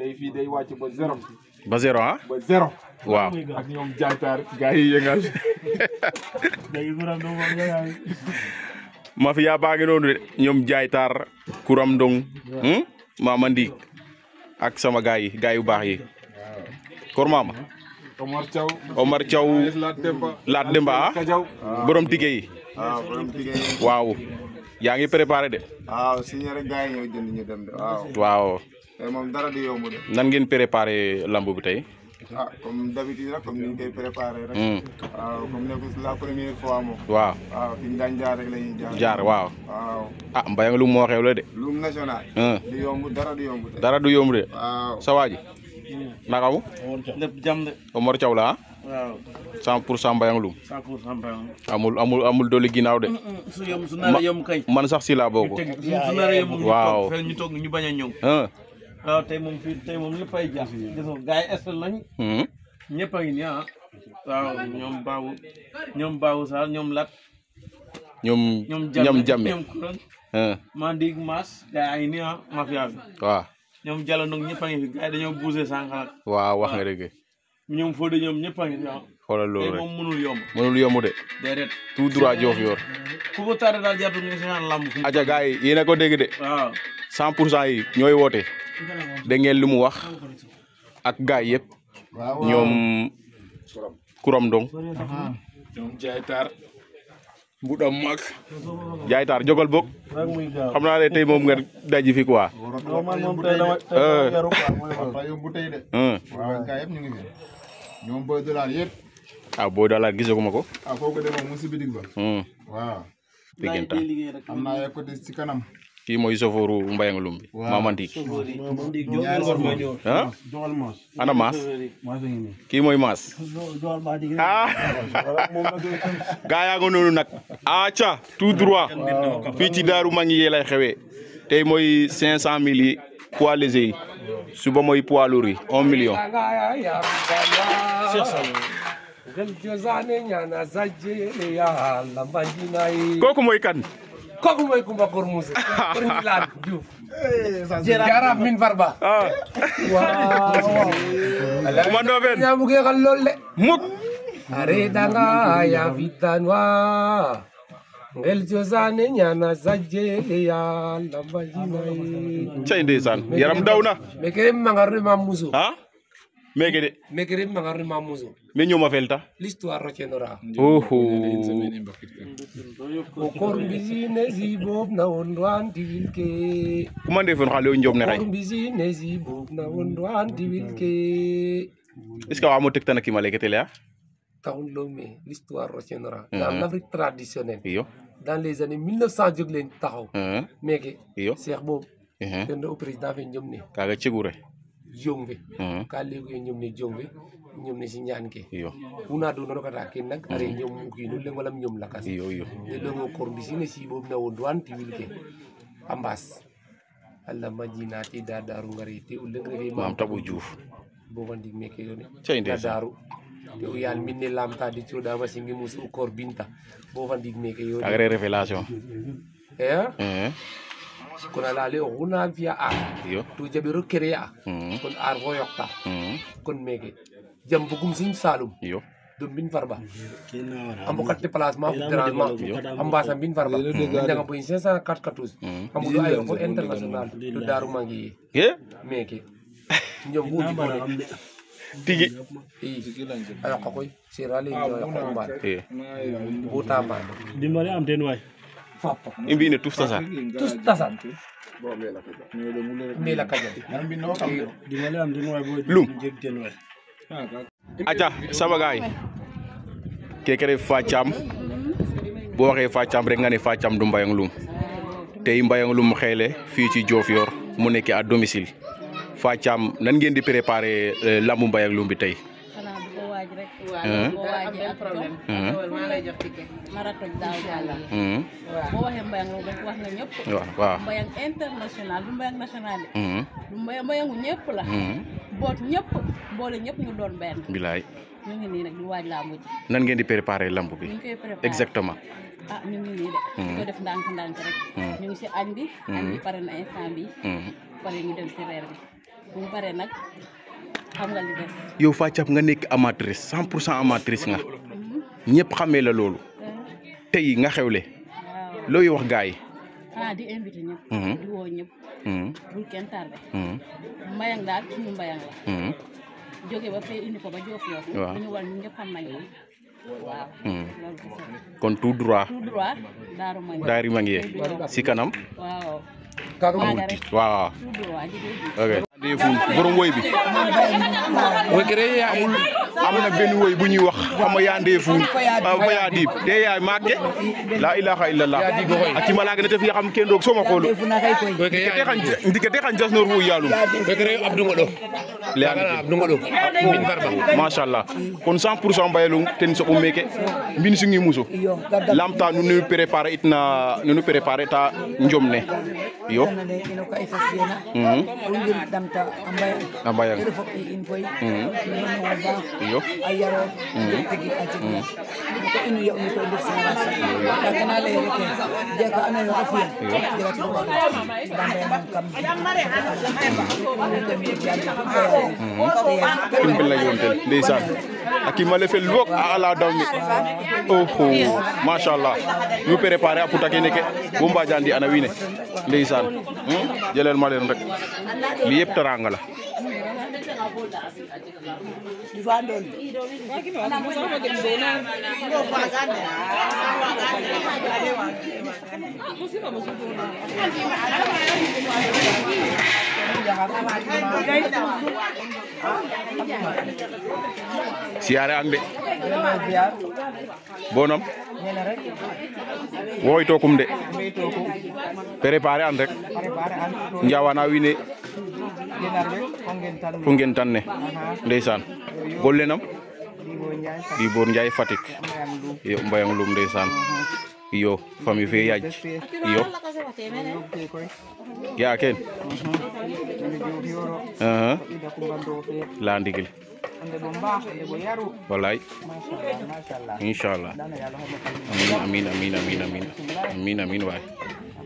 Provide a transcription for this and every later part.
tey fii day wàcc ba zéro. ba zéro ah. ba zéro. waaw ak ñoom jaaytaar gars yi yëngal. mafia baa ngi de kuram dong. maama hmm? ndiig ak sama gars yi yu baax yi. kor Omar Thiaw Omar Thiaw. Lat Demba ah borom tige yi. Ah, borom waaw. Yang ini prepare de. Ah, suñu yore gars yi ñoo jënd ñu dem de waaw. waaw. tey moom dara du yomb de. nan ngeen préparé ah kom d'habitude rek kom ni ñu koy préparé rek. waaw ini nekkul la première ah Mbayang lu moo ya, xew la de. lum national. Hmm. du yomb dara du yomb de. dara du yomb de. waaw sa waa ji. Hmm. nakamu. waaw 100 pour cent mbayang lum. amul amul amul ginnaaw de. su yom su nar man sax si laa waaw su nar ñu toog fenn ñu bañ a ñëw. tey moom fii tey moom lépp ay jaar. gis nga gars hmm? ñëpp a ngi nii ah. waaw ñoom Babou ñoom Babou Sarr ñoom Lat. ñoom ñoom Jamme ñoom ndig Maas gars yaa ngi nii ah mafia bi. waaw ñoom Jallo nag ñëpp a ngi fi waaw wax nga dëgg. ñoom Fodé ñoom ñëpp a ngi si ah. xoolal loolu rek tey moom mënul yomb. mënul yomb de. déedéet tout droit Diouf yor. ku ko a ko dégg de. cent pour cent yi ñooy woote. dégg ngeen lu mu wax ak gars yëpp. ñoom Kuram Dong. ñoom Jaaytaar. Mbouda Mag. Jaaytaar jógal boog. xam naa ne tey moom nga daji fi euh. euh. ñu ñoom booy dollar yëpp. ah booy dollar gisaguma ah kooku de moom mu si bidig ba. waaw. dëggantaan am naa yegg ko des ci kanam. kii mooy sofooru Mbayang Lumbi. waaw maa ana mas? kii mooy ah. gaa yaa nga noonu tout droit. fii ci Daaru Mangi lay poids léger suba mooy poids lourd 1 million kooku kan Kumba eh, min farba ah. Eldiozane ñaana sajje ya lamba jinay cay ndeysaan yaram daw na mekere mangarne ma muso ah meke de mekere mangarne ma muso me ñoma felta l'histoire retiendra oho o kor mbisine si bob na wondwan diwilke kuma ndefen xale o njom ne xay kor mbisine si bob na wondwan diwilke est ce que wa mo tekta na kima leke tele ah taxul Lomé l'histoire retiendra dans l'Afrique traditionnelle dans les années mille neuf cent jóg leen taxaw meeke seex boobu tenda o président fe jom ne kaga cegure jom fe ka leeguye jom ne jom fe ñom ne si ñaan ke kuna do no kata ken nak are ñom mu ki nulle ngolam ñom lakas yo yo de do ko bi sine si bob na won duan ti wil ke ambas alla majinati da daru ngari te ulle juuf bo wandi meke yone da daru te o yiyan min ne lamtade cuuɗama singi mum so korbinta bo fandigneke yo agre révélation ¿Eh? eh. e kono alaali o huna fiya ar to jaɓi ro créé a kono ar fo yokta kon meke jam ya bugum sin salum dombin farba ambo kat déplacement pour grandement ambasa bin farba daga boy 594 ambo do aéroport international to daru mangi ye meke ñom wudi ko Tigi. Ala ko koy si rali ah, yo ko iya. nah, iya, ba. Buta ba. Dimbali am den way. Fappa. Imbi ne tous tasa. Tous tasa. Mela kaja. Ambi no am iya. den Lum. Ah, aja sama gaay. Kekere facam. Bo waxe facam rek nga ne facam du mbayang lum. Tey mbayang lum xele fi ci Diofior mu nekk à domicile. Fa Thiam nan ngeen di préparer euh, làmbu mbay ak lumbi tey. waaw boo waajee ak boo waxee mbayang wax nga ñëpp. mbayang international du mbayang national. du mbayangu ñëpp la. boot ñëpp boole ñëpp ñu doon benn. bilaay ñu ngeen di préparer lamb bi. exactement. ah ñu ngi nii de. ñu koy def ndànk ndànk rek. ñu ngi si añ bi. añ bi pare na instant bi pare ñu dem si reer bi. yo fa paree nga nek amatrice 100 amatrice nga. Mhm. ñepp xamé la lolu eh. tay nga xewlé loy wax gaay ah di invité ñepp mhm. di wo ñepp hmm bu kenn tardé. hmm mbayang daal ñu mayang la. hmm joggé ba fee indi ko ba jox yo ñu wal ñu ñepp xam nañ ko. waaw. Mhm. kon tout droit. tout droit Daaru Mangi. Daaru Mangi si kanam. waaw. waaw. ok deeful borom woy bi way kere amul amna ben woy bu ñuy wax xam ya deeful ba ya dib te ya magge la ilaha illallah ati malaga nete fi xam ken dog soma xolu te xan ndike te xan jas nor wu yalum kere abdou ngodo lean abdou ngodo min farba ma sha allah kon 100% bayelung ten so umeke mbin su ngi muso lamta nu nu préparer itna nu nu préparer ta njomne yo mm -hmm anta ambay ambay tere fo in boy no wada yo ayaro tigi atigi ko ya, yo ko def sa ras da kana le reke je ko ana yo ala dawmi oho machallah ñu préparé a puta kene ke bo mbajandi ana wiine Lisan, jelel ma leen rek teranga la bonom, ang de bonam woytokum de Prepare an njawana wiin Koungheul Tanné ndeysaan golle Di Dibor Ndiaye Fatick yo Mbayang lum ndeysaan iyo famille fe yaaj Ya ga'a kene laya ndigil walay inchallah amin amin amin amin amin amin amin waay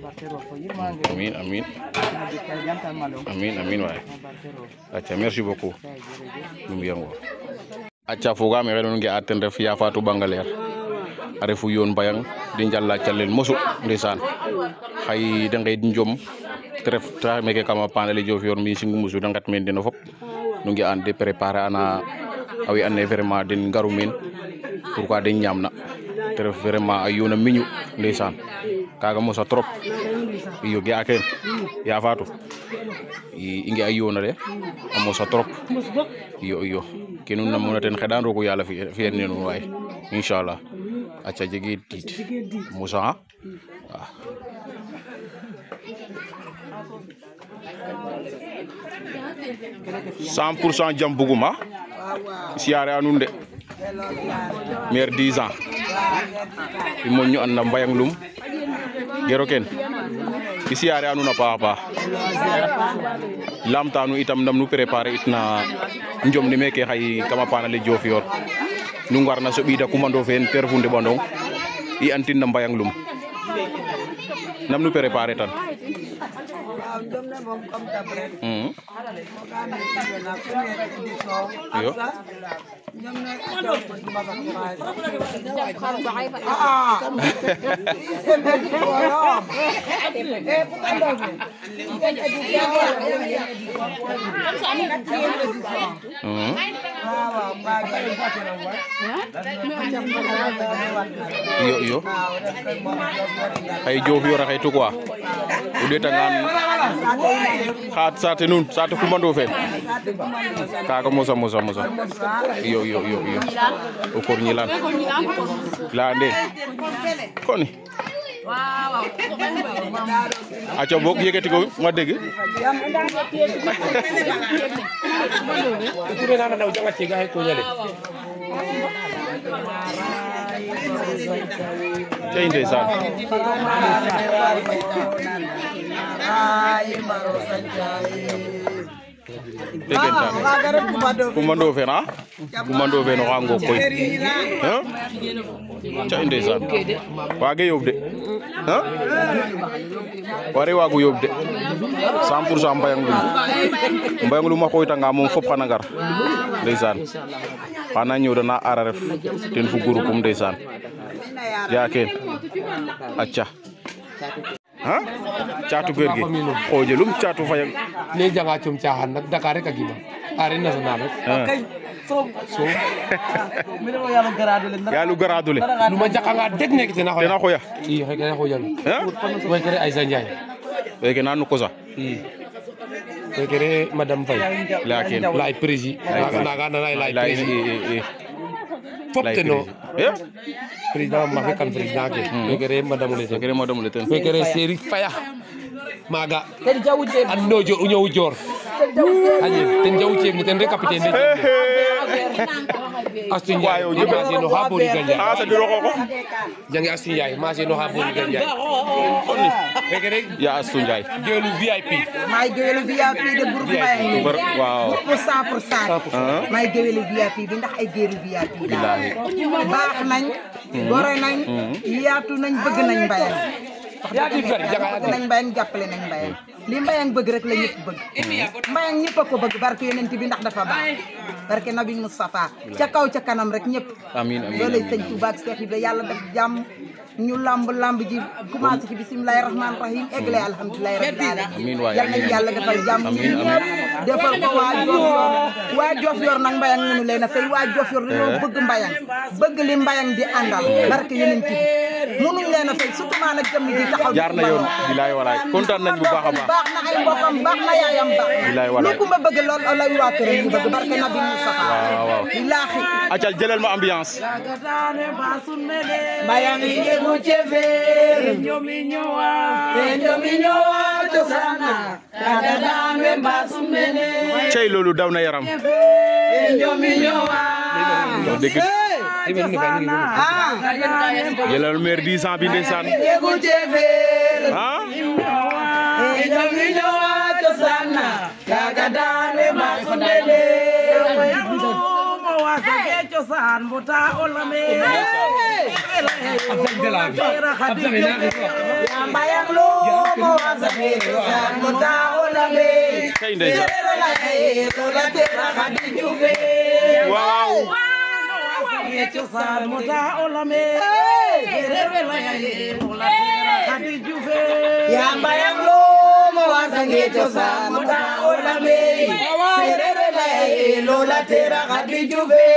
Amin, amin. Amin, amin, wa. Acha merci beaucoup. Nu mbi'ango acca fogaam ee xenon nge'a ten ref Ya Fatou Bangalaire a refu yoon mbayang di njala calel mosu ndeysaan xay de ngeed njom te ref ta meke kama panale Diofior mi singu mosu de nget meen deno fop nu nge'an de préparer ana awi we andoona yee vraiment den ngaru meen pour ka den ñaamna te vraiment kaga mosa trop mm. iyo ge a ya mm. Fatu, i ayo a yona mm. mosa trop iyo iyo ke nun namuna ten xeɗan roog o yala fi ne nun waay inchallah jege tiid mosa xa cent pour sang jam bugum siare anunde mer 10 ans i moƴno an lum gero ken area siare a nuun a lam tanu itam nam nu préparer itna na ni meke xay kama paana le yor nu ngarna kumando feen te refu ndeɓandong i antin na bayang lum nam nu préparé tan waaw ne ah Eh, bukan dong. Bukan edukawan. Kan suami kecil. Hmm. Iyo, iyo. Ay jofi wara kay tukwa. udah tangan. saat sate nun, sate kumando fe. Kaga musa musa musa. Iya, iyo, iyo, iyo, iyo. lan nyilan. Lande. Koni. aca bok yëkkati ko ma dégg tey ndeysaan déggantaan Coumba Ndofène a Coumba Ndofène oxa ngoog koy ca i ndeysaan waage yoob de ware waago yoob de cent pour cent mbayang lum mbayang lum a xooytanga moom fop xana ngar ndeysaan xana ñoowdana aar ref ten fu groupe um ndeysaan yaa keen ah caatu góor gi xoojalum caatu fayam ne janga cum caaxaan nag Dakar rek a gima arène nationale rek so yaalu garadule luma jaqanga deg nek tena tena xoya i xekene xoya way kere Aïssa Ndiaye way kene anu kosa i way kere madame Faye lakin lay prési lay prési fofteno président maxe kan président ke fekere madame le ten fekere madame le ten fekere seri faya maga anno jo o ñowu jor ten jawu ceeb ni ten Astou Ndiaye maase no haa boori Gandiaye a sa diro xooxof jangi Astou Ndiaye maase no haa boori Gandiaye koni rek rek ya Astou Ndiaye geelu VIP may geelu VIP de groupe may waaw pour 100% ah. may geelu VIP bi ndax ay geelu VIP baax nañ gore nañ mm. yaatu nañ bëgg nañ mbay yaa ya, di fenn jagaar eh, yang nañ mbayang jàppale yang mbayang li mbayang bëgg rek la ñëpp bëgg mbayang ñëpp a ko bëgg barke yonent bi ndax dafa nabi Moustapha cakau kaw ca kanam rek ñëpp amiin amiin loolu sëñ Touba ak Cheikh Ibra yàlla def jàmm ñu lamb lamb ji rahman rahim egle alhamdulillahi rabbil alamin yal nañ yàlla defal jàmm ñëpp defal ko waa Diofior waa Diofior nag mbayang mënu leen a fay waa Diofior di àndal barke yonent bi mënuñ leen a fay surtout maa nag taxaw jaar yoon bilaay walaay kontaan nañ bu baax a baax baax na ay mbokkam baax na yaayam baax bilaay walaay lu kumba bëgg lool lay waa këram ñu bëgg barke nabi Mustafa waaw waaw acal jëlal ma ambiance mbayang yenu cey loolu daw na yaram jëlal meer dix ans bi ndeysaan ah waaw di cosaan mu taa olamee séeréer be layale mu la teera xadi jufe yaa oh mbayam loo ma waasa ngi cosaan mu taa olamee séeréer be layale loo la teera xadi jufe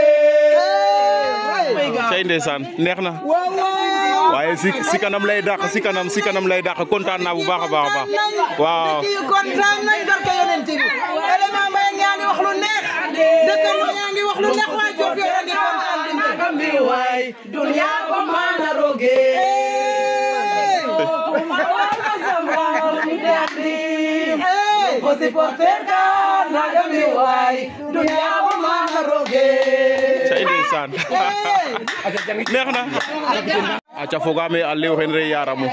cay ndeysaan neex na waaye si si kanam lay dàq si kanam si kanam lay dàq kontaan naa bu baax a baax a baax waaw dëkk yi kontaan nañ barke yonent bi élément mbay ñaa ngi wax lu neex dëkk ñaa ngi wax lu neex waaye joof yoo di kontaan kambi way dunya ba mana roge Posi porteka na gambi way dunya ba mana roge Saidi san Neex na aca yaramu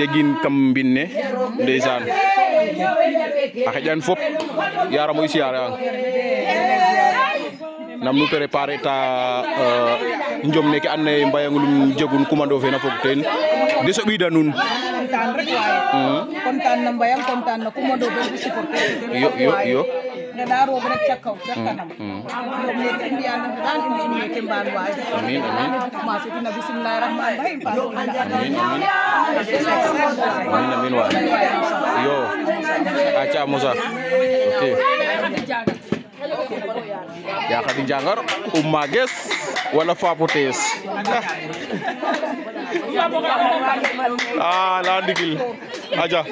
Kegin kam mbinne ndeysaan fop yaramu i siyaare nam nu préparer ta eh, njom neke and naye mbayangolum jegun commando fe na fog teen de soɓida nuun content rek waay content na mbayam content na commando fe supporter yo yo yo ngada roog rek ca kaw ca kanam mbaan amin amin commencé tina bisimilahi rahman rahim amin amin amin waay yo ya Kadi jangar umma ges wala fapu tes ah la digil aja